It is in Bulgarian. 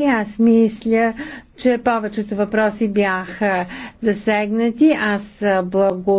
И аз мисля, че повечето въпроси бяха засегнати. Аз благодаря.